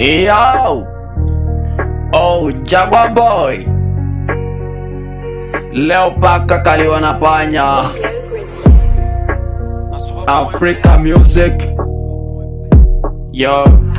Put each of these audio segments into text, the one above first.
Yo! Oh, Jagwa boy. Leo paka kaliwa na panya. Africa music. Yo.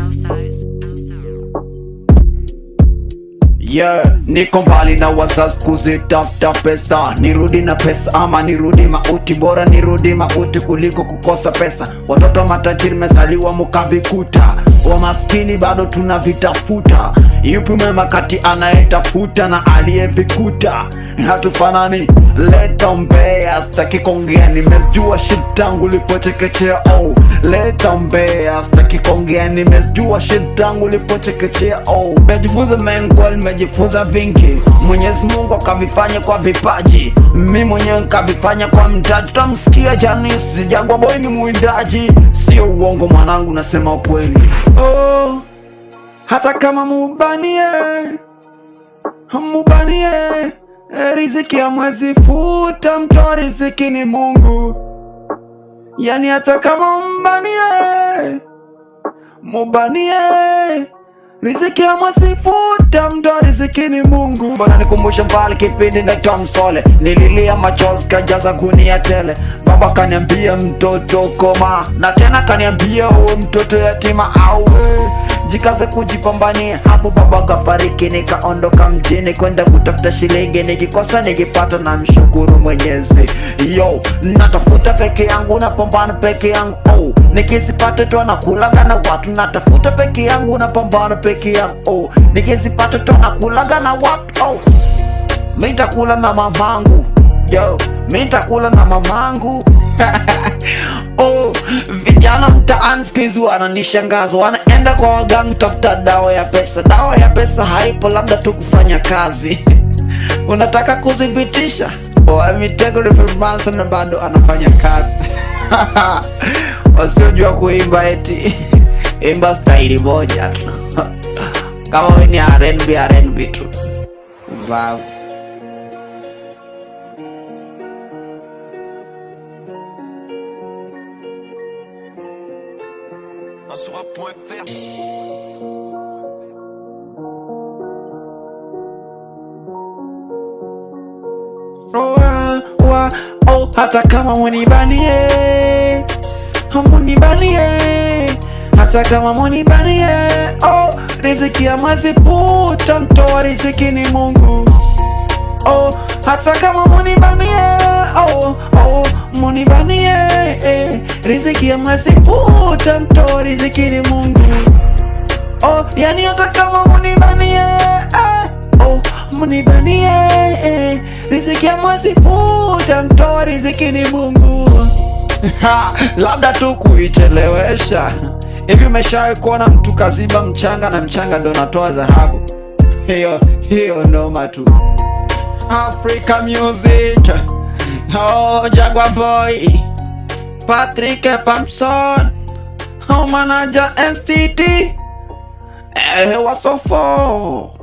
yeah. Niko mbali na wazazi kuzitafuta pesa, nirudi na pesa ama nirudi mauti, bora nirudi mauti kuliko kukosa pesa. Watoto wa matajiri mesaliwa mukavikuta, wa maskini bado tunavitafuta. Yupi mwema kati anayetafuta na aliyevikuta? Hatufanani, leta umbea, sitaki kuongea, nimejua shit tangu lipochekechea oh leta mbea, staki nimejua shit tangu lipochekechea. Oh, mejifunza menkwel, mejifunza vingi. Mwenyezi Mungu akavifanya kwa vipaji, mi mwenyewe nkavifanya kwa mtaji. tamsikia Janice Jangwa Boy ni mwindaji, sio uongo mwanangu, nasema ukweli. Oh, hata kama mubanie mubanie riziki ya mwezi, futa mtoa riziki ni Mungu yani hata kama mbanie mubanie Riziki ya mwasifu tamdo, riziki ni Mungu. Bwana nikumbusha mbali kipindi na Msole, nililia machozi kajaza gunia tele. Baba kaniambia mtoto koma, na tena kaniambia uwe mtoto yatima au jikaze kujipambania. Hapo baba kafariki, nikaondoka mjini kwenda kutafuta shilingi, nikikosa nikipata na mshukuru Mwenyezi. Yo, natafuta peke yangu, napambana peke yangu oh. Nikisipata tu nakulaga na watu, natafuta peke yangu, napambana peke yangu oh. Nikisipata tu nakulaga na watu oh. Mimi na mamangu yo mi nitakula na mamangu. Oh, vijana mtaani siku hizi wanaenda kwa wagangu tafuta dawa ya pesa. Dawa ya pesa haipo, labda tu kufanya kazi. Unataka kuthibitisha Wamitego na bado anafanya kazi. Wasiojua kuimba eti imba staili moja kama we ni R&B R&B tu. Wow. sur rap.fr. hata kama munibanie, munibanie, hata kama munibanie, oh, riziki ya maziputa, tamtoa riziki ni Mungu, oh, hata kama munibanie munivanie eh, eh, riziki ya masifuta mto riziki ni Mungu oh, yani hata kama munivanie eh, eh, oh, munivanie eh, eh, riziki ya masifuta mto riziki ni Mungu ha, labda tu kuichelewesha hivi. Umeshawahi kuona mtu kaziba mchanga na mchanga ndo natoa dhahabu? Hiyo hiyo noma tu. Africa music Oh, Jaguar Boy Patrick Pampson Oh, manager NCT Eh, what's so for?